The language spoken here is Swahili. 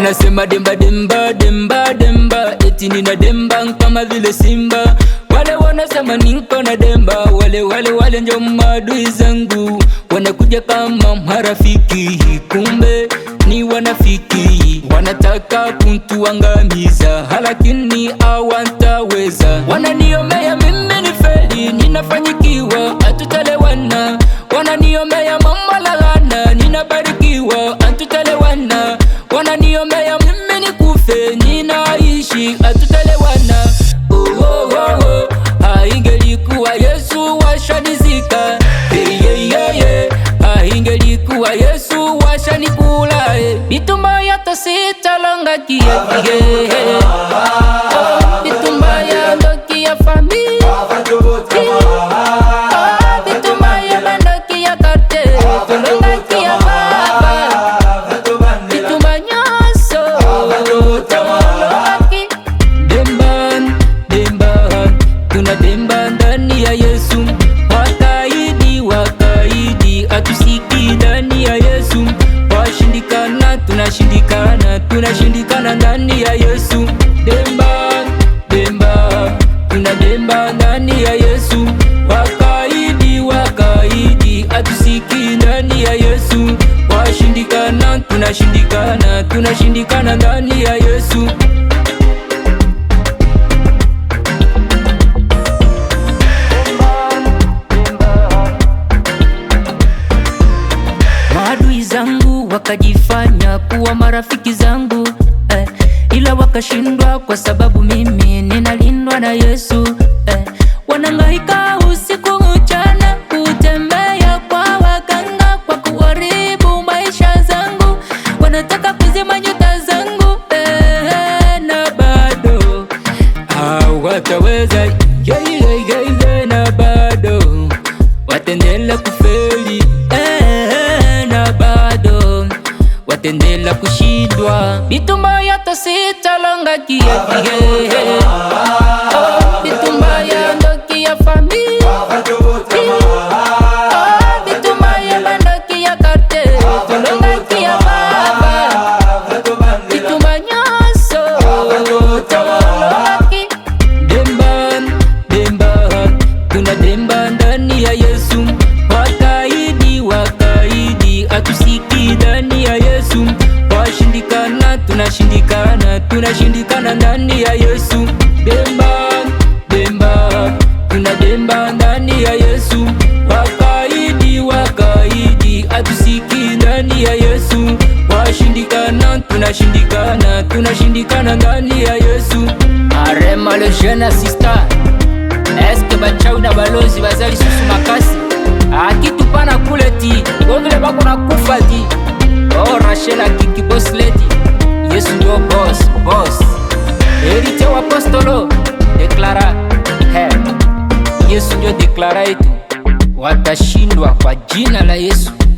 Wanasema demba demba demba demba, eti nina demba kama vile simba. Wale wanasema niko na demba, wale wale wale ndio maadui zangu, wanakuja kama marafiki, kumbe ni wanafiki. Wanataka kuntuangamiza, halakini hawataweza. Wananiomea mimi ni feli, ninafanyikiwa, hatutalewana. Wananiomea mambo la laana, ninabarikiwa, hatutalewana wananiombea mimi nikufe, ninaishi hatutelewana. Oh, oh, oh, oh. Haingelikuwa Yesu washanizika, hey, hey, Haingelikuwa Yesu washanikula, hey. Mitumba yata sitalonga kiakie tunashindikana, tunashindikana ndani ya Yesu. Demba, demba, tuna demba ndani ya Yesu. Wakaidi, wakaidi, atusiki ndani ya Yesu. Washindikana, tunashindikana, tunashindikana ndani ya Yesu. wakajifanya kuwa marafiki zangu eh, ila wakashindwa kwa sababu mimi ninalindwa na Yesu eh, wanangaika usiku mchana kutembea kwa waganga kwa kuharibu maisha zangu, wanataka kuzima nyota zangu eh, na bado hawataweza yeah, yeah, yeah, yeah, na bado wataendelea kufe pendela kushindwa mitumba yote sitalonga kiakige tunashindikana ndani ya Yesu. Demba demba, tuna demba ndani ya Yesu. Wakaidi wakaidi, atusiki ndani ya Yesu. Washindikana tunashindikana, tunashindikana ndani ya Yesu. Arema le jeune sista eske bachau na balozi bazali susu makasi akitupana kule ti ovile bako na kufa ti orashela oh, kiki Yesu ndio boss Dios te he, declara Yesu ndio declara itu watashindwa kwa jina la Yesu.